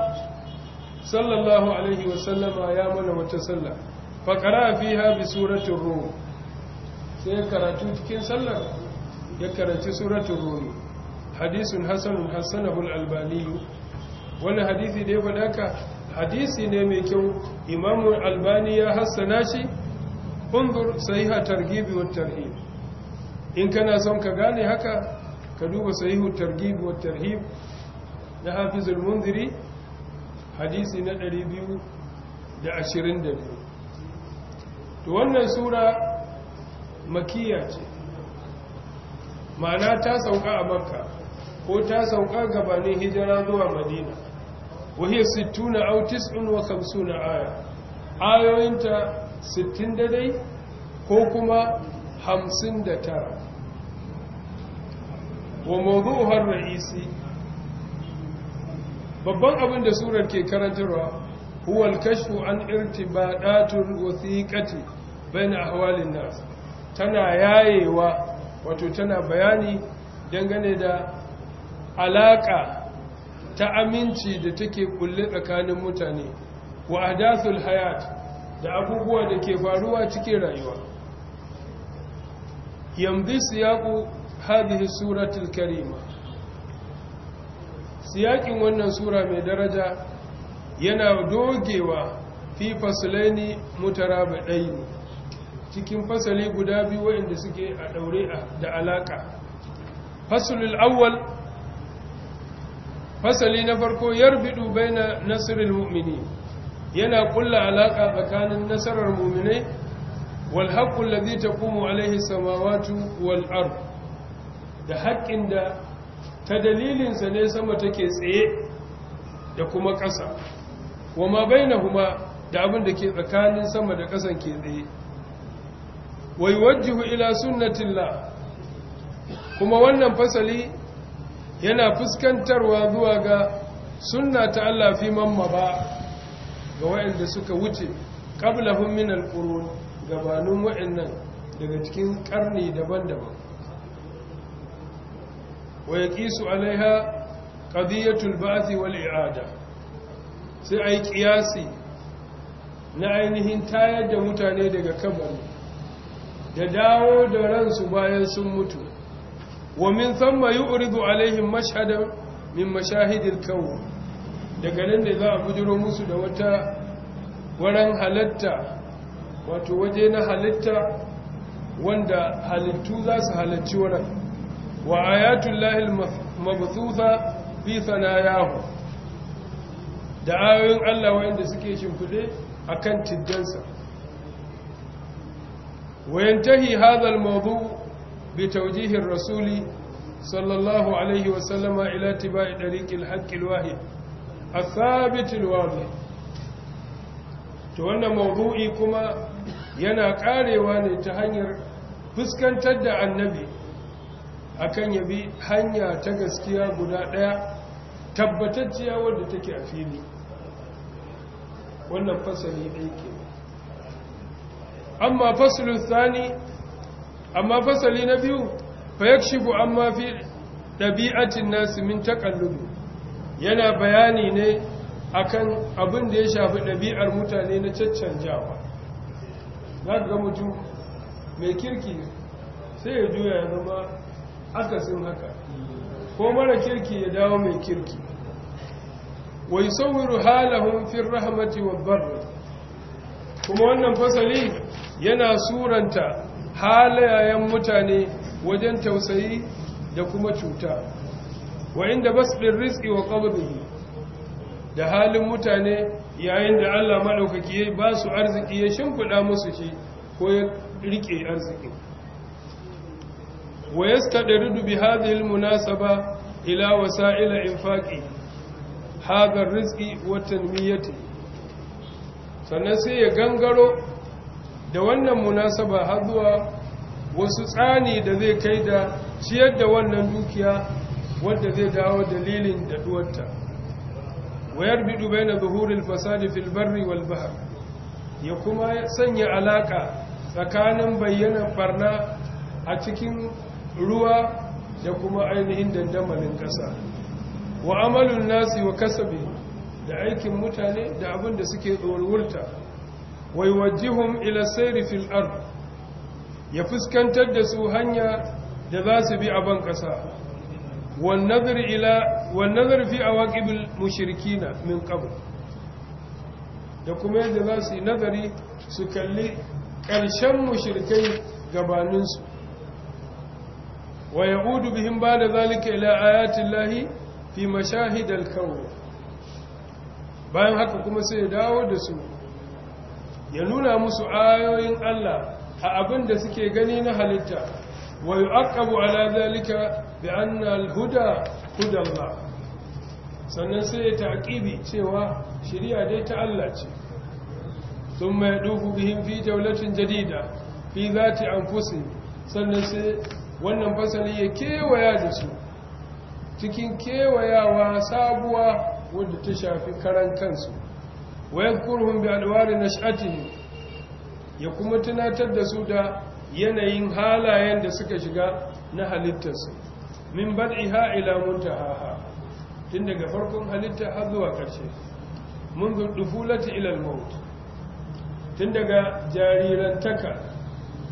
صلى الله عليه وسلم أيامنا وتسلى فقرأ فيها بسورة الروم سيكرتو تكين سلى يكرت سورة الروم حديث حسن حسنه الألباني وانا حديث دي فداك حديث نمي كو إمام الألباني حسناشي انظر صحيح ترغيب والترهيب in kana son ka gane haka ka duba sahihu targhib wa tarhib na al munziri hadisi na 222 to wannan sura makiya ce ma'ana ta sauka a makka ko ta sauka gabanin hijira zuwa madina aw tis'un wa khamsuna aya ayoyinta 60 dai ko kuma hamsin da tara wa mazuhar ra'isi babban abin da surar ke karantarwa huwal kashfu an irtibadatul wathiqati bayna ahwalin nas tana yayewa wato tana bayani dangane da alaka ta aminci da take kulle tsakanin mutane wa ahdathul hayat da abubuwa da ke faruwa cikin rayuwa يمضي سياق هذه السورة الكريمة سياق ونن سورة من درجة yana dogewa في فصلين مترابعين cikin fasali guda biyu wayanda suke a daure da alaƙa fasalul awwal fasali na farko yarbidu baina nasrul mu'minin yana kulla alaƙa tsakanin nasarar mu'minai والحق الذي تقوم عليه السماوات والأرض da haƙƙin da ta dalilinsa ne sama take tsaye da kuma ƙasa wa ma bainahuma da abin da ke tsakanin sama da ƙasan ke tsaye Wai wajihu ila sunnatillah kuma wannan fasali yana fuskantarwa zuwa ga sunna ta Allah fi mamma ba ga waɗanda suka wuce qablahum min al gabanin waɗannan daga cikin ƙarni daban-daban wa ya ƙisu alaiha ƙadiyyatul ba'azi wal i'ada sai a yi ƙiyasi na ainihin tayar da mutane daga kabari da dawo da ransu bayan sun mutu wa min yi yu'ridu alaihim mashhadan min mashahidil kawo. daga nan da za a bujiro musu da wata waran halatta wato waje na halitta wanda halittu za su halarci wurin wa ayatun lahil mabutsufa fi yahu da ayoyin Allah wa'inda suke shimfide a kan tiddansa wayan tahi hazal mabu bi taujihin rasuli sallallahu alaihi wasallama ila tiba'i ɗariƙin haƙƙin wahid a sabitin wahid Ta wannan mawudu'i kuma yana karewa ne ta hanyar fuskantar da annabi akan yabi hanya ta gaskiya guda daya tabbatacciya wadda take a fili wannan fasali ɗai ke amma fasalin tsani amma fasali na biyu fa shigo amma fi ɗabi'atin nasu min taƙallubu yana bayani ne akan abin da ya shafi ɗabi'ar mutane na caccanjawa za ga mutum mai kirki sai ya juya ya zama akasin haka ko mara kirki ya dawo mai kirki wai sauwiru halahun fin rahamati wa barri kuma wannan fasali yana suranta halayen mutane wajen tausayi da kuma cuta wa inda ɗin rizki wa ƙababihi da halin mutane yayin da Allah maɗaukaki ya ba su arziki ya shimfiɗa musu shi ko ya riƙe arziki wa yastadridu bi hadhihi almunasaba ila wasa'ila infaqi hadha arrizqi wa tanmiyati sannan sai ya gangaro da wannan munasaba har zuwa wasu tsani da zai kai da ciyar da wannan dukiya wanda zai dawo dalilin da duwarta Wayar ويربط بين zuhurin الفساد في البر ya kuma sanya alaƙa tsakanin bayyanar barna a cikin ruwa da kuma ainihin dandamalin ƙasa wa amalun nasi wa kasabe da aikin mutane da abin da suke tsorwurta wai wajihun ilasairi fil ard ya fuskantar da su hanya da za su bi a ban ƙasa والنظر الى والنظر في عواقب المشركين من قبل da kuma yadda za su yi nazari su kalli ƙarshen mashirkai gabaninsu wa yahudu bihin bada zalika ila ayatun fi mashahid alkawo bayan haka kuma sai dawo da su ya nuna musu ayoyin allah a abin da suke gani na halitta wa yi akabu ala zalika da annal huda ba sannan sai ta aƙibi cewa shari'a dai ta Allah ce mai dubu bihin fi jaulatin jadida fi zati anfusihim sannan sai wannan fasali ya kewaya da su cikin kewayawa sabuwa wadda ta shafi karan kansu wa yadhkuruhum bi alwari nash'atihim ya kuma tunatar da su da yanayin halayen da suka shiga na halittarsu min bad'iha ila muntahaha tun daga farkon halitta har zuwa ƙarshe, mun dufulati ila al-maut tun daga jarirantaka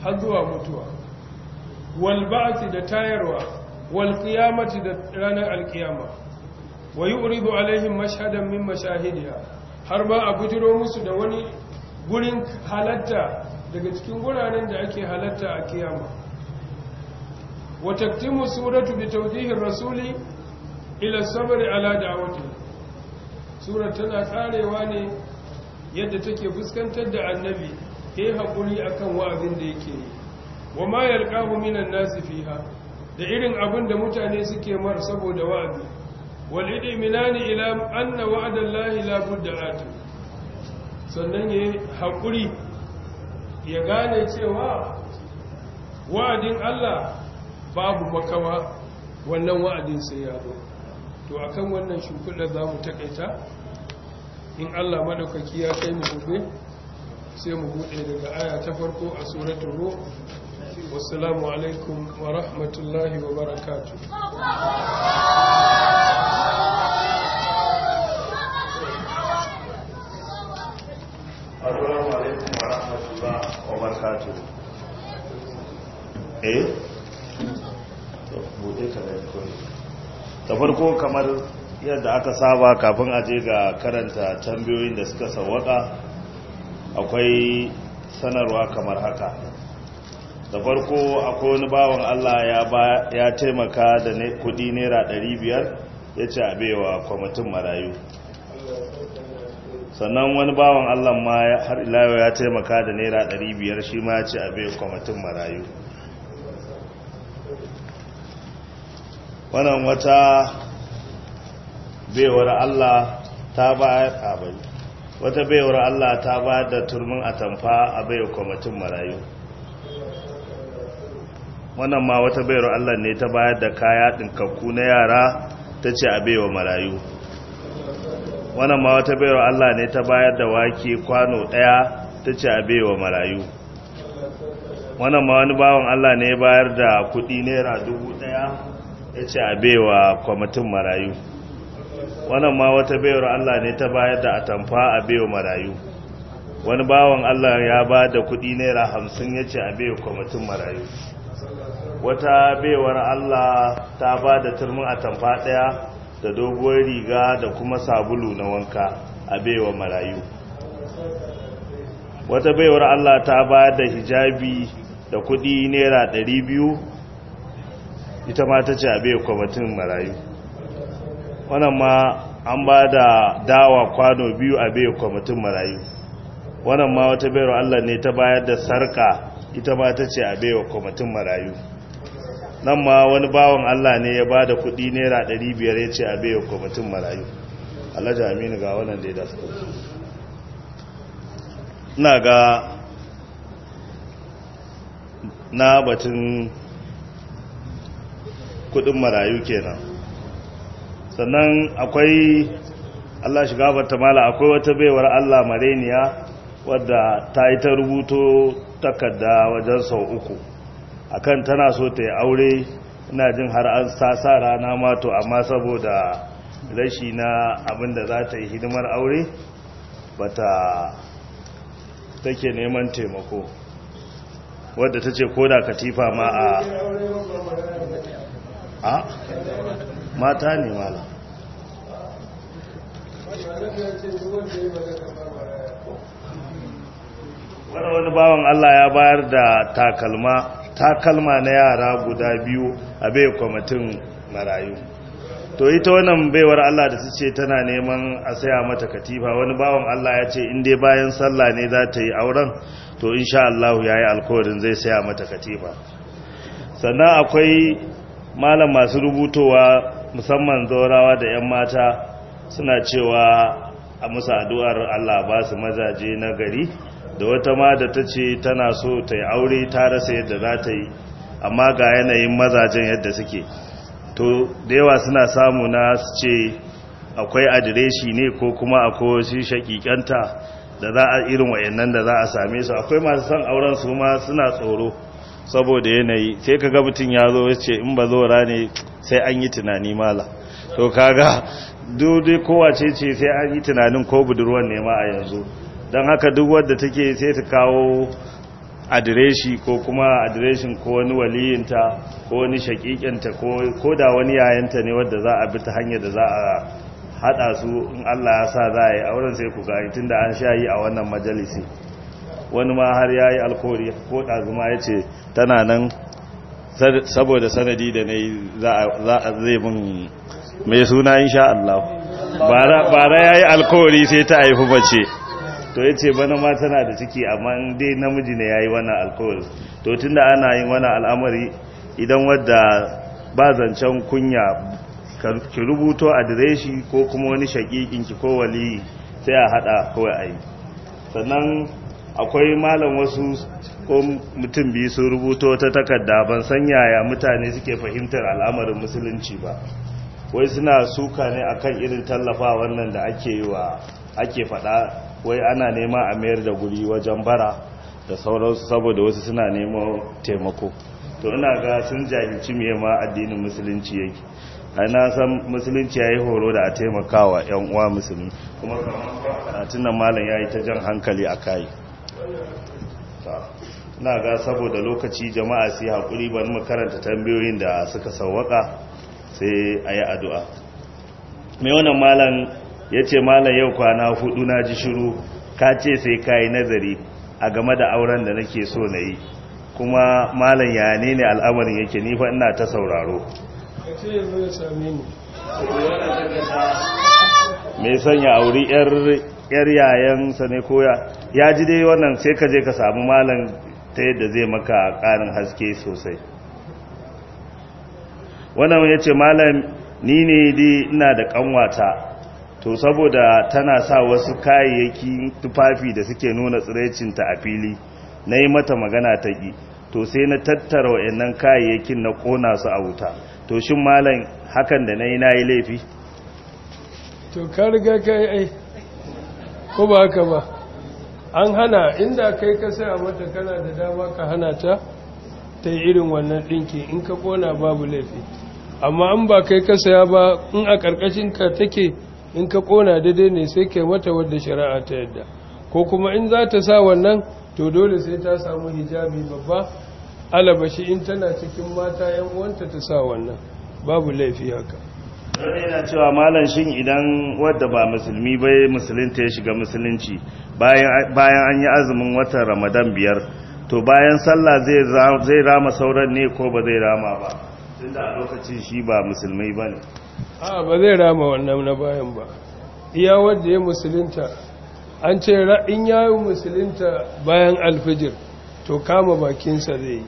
har zuwa mutuwa wal ba'ti da tayarwa wal qiyamati da ranar al-qiyama wa yu'ridu alaihim mashhadan min mashahidiha har ba a gujiro musu da wani gurin halatta daga cikin guraren da ake halatta a kiyama wa taktimu suratu da tausihin rasuli ila sabri ala da'wati sura tana karewa ne yadda take fuskantar da annabi yayi hakuri akan wa'azin da yake yi wa ma yalqahu minan nasi fiha da irin abin da mutane suke mar saboda wa'azi wal idminani ila anna wa'dallahi la budda ati sannan yayi hakuri ya gane cewa wa'adin Allah babu makawa wannan wa'adin sai ya zo to akan wannan shimfiɗa za mu takaita in allah maɗaukaki ya kai mu gobe sai mu buɗe daga aya ta farko a suratun alaikum wa rahmatullahi wa barakatu. وبركاته السلام عليكم ورحمة sai ka ta farko kamar yadda aka saba kafin a je ga karanta tambayoyin da suka sawaka akwai sanarwa kamar haka da farko akwai wani bawan Allah ya taimaka da kudi naira 500 ya ce a baiwa kwamitin marayu sannan wani bawan Allah ma har ilayo ya taimaka da naira 500 shi ma ya ce a baiwa kwamitin marayu wannan wata baiwar Allah ta bayar abai wata baiwar Allah ta bayar da turmin atamfa a baiwa kwamitin marayu wannan ma wata baiwar Allah ne ta bayar da kaya ɗinkakku na yara ta ce a baiwa marayu wannan ma wata baiwar Allah ne ta bayar da wake kwano ɗaya ta ce a baiwa marayu wannan ma wani bawan Allah ne bayar da kuɗi naira dubu ɗaya ya ce a baiwa kwamitin marayu wannan ma wata baiwar Allah ne ta bayar da atamfa a baiwa marayu wani bawan Allah ya ba da kudi naira hamsin ya ce a baiwa kwamitin marayu wata baiwar Allah ta ba da turmin atamfa ɗaya da doguwar riga da kuma sabulu na wanka a baiwa marayu wata baiwar Allah ta ba da hijabi da kudi naira biyu. ita ma ta ce a kwamitin marayu wannan ma an ba da dawa kwano biyu a kwamitin marayu wannan ma wata bayar allah ne ta bayar da sarka ita ma ta ce a kwamitin marayu nan ma wani bawan allah ne ya ba da kudi naira 500 ya ce a kwamitin marayu alhaji aminu ga wannan da ya da su na ga na batun kudin marayu kenan sannan akwai Allah shiga bata mala akwai wata baiwar Allah mareniya wadda ta yi ta rubuto takarda wajen sau uku akan tana so ta yi aure ina jin har an sasa rana to amma saboda rashi na da za ta yi hidimar aure bata take neman taimako wadda ta ce ko katifa ma a a mata ne mala wani bawan Allah ya bayar da takalma takalma na yara guda biyu a bai kwamitin marayu to ita wannan baiwar Allah da su ce tana neman a saya mata katifa wani bawan Allah ya ce inda bayan sallah ne za ta yi auren to insha Allah ya yi alkawarin zai saya mata katifa sannan akwai malam masu rubutowa musamman zaurawa da 'yan mata suna cewa a musa addu'ar Allah ba su mazaje na gari da wata ma da ta ce tana so ta yi aure ta rasa yadda za ta yi amma ga yanayin mazajen yadda suke to da yawa suna samu na su ce akwai adireshi ne ko kuma akwai shi shakikanta da za a irin wayannan da za a same su akwai masu son auren su ma suna tsoro saboda yanayi sai ka ga mutum ya zo ya in ba zora ne sai an yi tunani mala to kaga dole kowace ce sai an yi tunanin ko budurwar ne ma a yanzu don haka duk wadda take sai ta kawo adireshi ko kuma adireshin ko wani waliyinta ko wani shakikinta ko da wani yayanta ne wadda za a bi ta hanyar da za a hada su in Allah ya sa za a yi auren sai ku gani tun da an sha yi a wannan majalisi wani ma har ya yi alkori ko ɗazuma ya ce tana nan saboda sanadi da na yi zai mun mai suna insha Allah bara ya yi alkawari sai ta haifi bace to ya ce bana ma tana da ciki amma dai namiji ne ya yi wannan alkawari to tun da ana yin wannan al'amari idan wadda ba zancen kunya ki rubuto adireshi ko kuma wani ki ko wali sai a haɗa kawai a yi sannan akwai malam wasu ko mutum biyu sun rubuto ta takarda ban san yaya mutane suke fahimtar al'amarin musulunci ba wai suna suka ne akan irin tallafa wannan da ake yi wa ake faɗa wai ana nema a mayar da guri wajen bara da sauransu saboda wasu suna neman taimako to ina ga sun jahilci me ma addinin musulunci yake na san musulunci ya yi horo da a taimakawa 'yan uwa musulmi kuma karatun nan malam ya yi ta jan hankali a kayi na ga saboda lokaci jama'a su yi haƙuri ban makaranta tambayoyin da suka sauwaka sai a yi addu'a mai wannan malam ya ce malam yau kwana hudu na ji shiru ka ce sai ka yi nazari a game da auren da nake so na yi kuma malam ya ne ne al'amarin yake nifa ina ta sauraro ka ce yanzu ya same ni mai sanya auri yar yayansa ne koya ya ji dai wannan sai ka je ka samu malam ta yadda zai maka karin haske sosai wannan ya ce malam ni ne dai ina da ƙanwata to saboda tana sa wasu kayayyaki tufafi da suke nuna tsiraicinta a fili na yi mata magana ta yi to sai na tattara wa'annan kayayyakin na kona su a wuta to shin malam hakan da na yi na yi laifi to ka riga kai ai ko ba haka ba an hana inda kai ka saya mata kana da dama ka hana ta ta yi irin wannan ɗinki in ka ƙona babu laifi amma an ba kai ka saya ba in a ƙarƙashin ka take in ka ƙona daidai ne sai kai mata wadda shari'a ta yadda ko kuma in za ta sa wannan to dole sai ta samu hijabi babba alabashi in tana cikin mata yan uwanta ta sa wannan babu laifi haka wani yana cewa malam shin idan wadda ba musulmi bai musulunta ya shiga musulunci bayan an yi azumin watan ramadan biyar to bayan sallah zai rama sauran ne ko ba zai rama ba tun da lokacin shi ba musulmi ba ne a ba zai rama wannan na bayan ba iya wadda ya musulunta an ce in ya yi musulunta bayan alfijir to kama bakinsa zai yi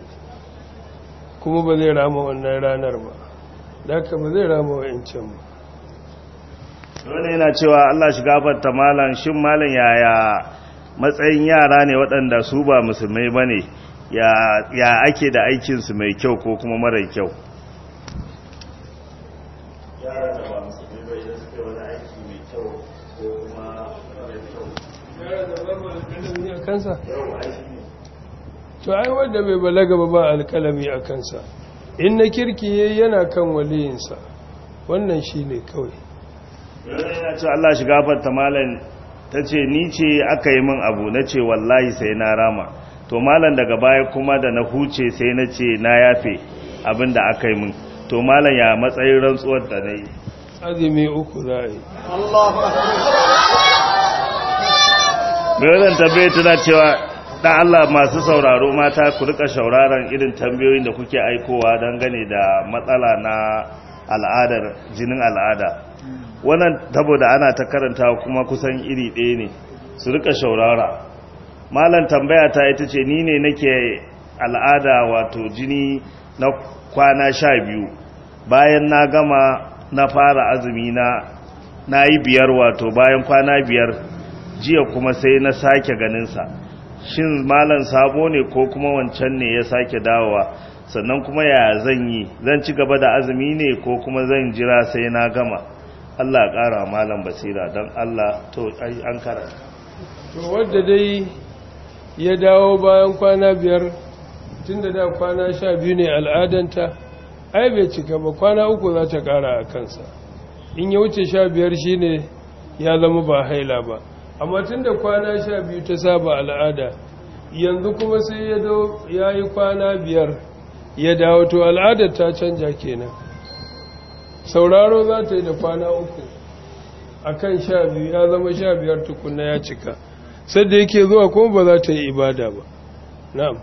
kuma ba zai rama wannan ranar ba da haka ba zai rama wa'ancan ba dole yana cewa Allah shi gafarta malam shin malam yaya matsayin yara ne waɗanda su ba musulmai ba ne ya ake da aikinsu mai kyau ko kuma mara kyau kansa? to ai wanda bai balaga ba ba alkalami a kansa in na kirkiye yana kan waliyinsa wannan shi ne kawai ya ce Allah shiga fata malan ta ce ni ce aka yi min abu na ce wallahi sai na rama to malan daga baya kuma da na huce sai na ce na yafe abin da aka yi min to malan ya matsayin rantsuwar da na yi azumi uku za a yi Allah mai ta bai tana cewa da Allah masu sauraro mata ku rika shauraran irin tambayoyin da kuke aikowa dan gane da matsala na al'adar jinin al'ada wannan tabo da ana ta karanta kuma kusan iri ɗaya ne su rika shaurara malam tambaya ta ita ce ni ne nake al'ada wato jini na kwana sha biyu bayan na gama na fara azumi na na yi biyar wato bayan kwana biyar jiya kuma sai na sake ganinsa shin malam sabo ne ko kuma wancan ne ya sake dawowa sannan kuma ya zan yi zan ci gaba da azumi ne ko kuma zan jira sai na gama Allah ƙara malam basira don Allah to an karanta to wadda dai ya dawo bayan kwana biyar tun da da kwana sha biyu ne al'adanta ai bai cika ba kwana uku za ta ƙara a kansa in ya wuce sha biyar shi ne ya zama ba haila ba amma tun da kwana sha biyu ta saba al'ada yanzu kuma sai ya yi kwana biyar ya dawo to al'ada ta canja kenan sauraro za ta yi da kwana uku a kan sha biyu ya zama sha biyar tukuna ya cika da yake zuwa kuma ba za ta yi ibada ba na'am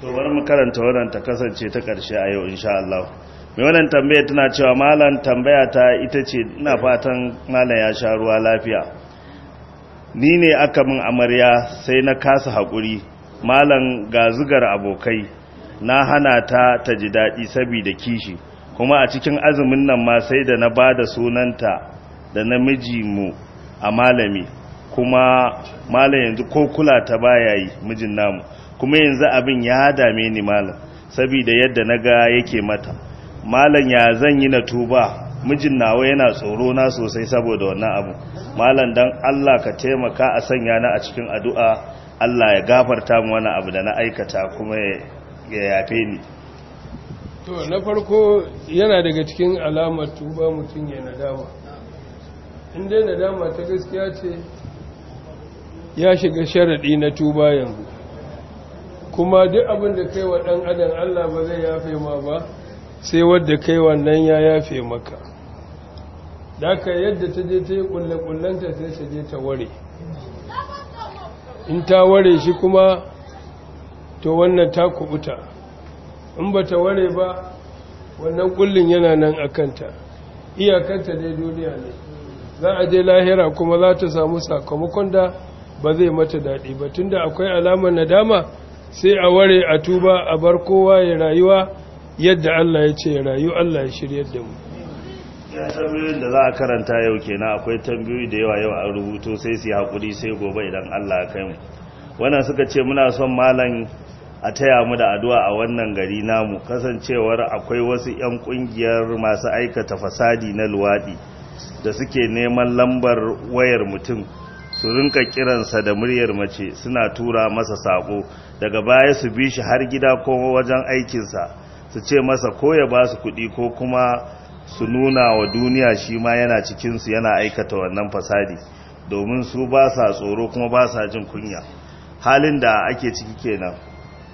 tobar makaranta ta kasance ta ƙarshe a yau insha Allah mai wannan tambaya tana cewa malam tambaya ta ita ce ina fatan malam ya sha ruwa lafiya ni ne aka min amarya sai na kasa haƙuri malam ga zugar abokai na hana ta ta ji daɗi saboda kishi kuma a cikin azumin nan ma sai da na ba da sunanta da namiji mu a malami kuma malam yanzu ko kula ta baya yi mijin namu kuma yanzu abin ya dame ni malam saboda yadda na ga yake mata malam ya zan yi na tuba mijin nawa yana tsoro na sosai saboda wannan abu malam dan Allah ka taimaka a sanya na a cikin addu'a Allah ya gafarta mu wannan abu da na aikata kuma ya yafe ni to na farko yana daga cikin alamar tuba mutum ya nadama in dai nadama ta gaskiya ce ya shiga sharaɗi na tuba yanzu kuma duk abin da kai wa dan adam Allah ba zai yafe ma ba sai wadda kai wannan ya yafe maka da yadda ta je ta yi ƙulle-ƙullenta sai ta je ta ware in ta ware shi kuma to wannan ta kubuta in ba ta ware ba wannan ƙullin yana nan a kanta iyakanta dai duniya ne za a je lahira kuma za ta samu sakamakon da ba zai mata daɗi ba tunda akwai alamar nadama sai a ware a tuba a bar kowa ya rayuwa yadda Allah ya ce ya rayu Allah ya shirya da mu cikin tambayoyin da za a karanta yau kenan akwai tambayoyi da yawa yau a rubuto sai su yi hakuri sai gobe idan Allah ya kai mu wannan suka ce muna son malam a taya mu da addu'a a wannan gari namu kasancewar akwai wasu 'yan ƙungiyar masu aikata fasadi na luwaɗi da suke neman lambar wayar mutum su rinka kiransa da muryar mace suna tura masa sako daga baya su bi shi har gida ko wajen aikinsa su ce masa ko ya ba su kuɗi ko kuma su nuna wa duniya shi ma yana cikinsu yana aikata wannan fasadi domin su ba sa tsoro kuma ba sa jin kunya halin da ake ciki kenan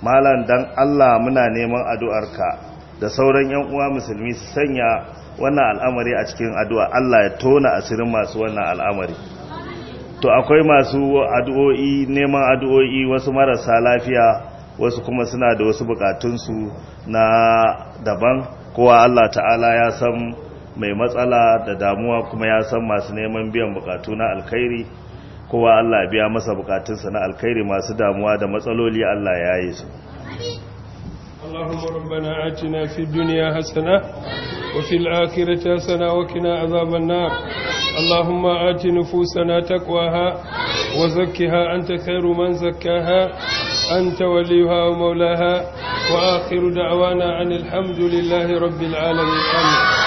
malam dan Allah muna neman addu'arka da sauran yan uwa musulmi su sanya wannan al'amari a cikin addu'a Allah ya tona asirin masu wannan al'amari to akwai masu addu'o'i neman addu'o'i wasu marasa lafiya wasu kuma suna da wasu bukatunsu na daban kowa Allah ta'ala ya san mai matsala da damuwa kuma ya san masu neman biyan bukatu na alkhairi kowa Allah biya masa bukatunsa na alkhairi masu damuwa da matsaloli Allah ya yi su اللهم ربنا آتنا في الدنيا حسنة وفي الآخرة حسنة وقنا عذاب النار اللهم آت نفوسنا تقواها وزكها أنت خير من زكاها أنت وليها ومولاها وآخر دعوانا عن الحمد لله رب العالمين آمين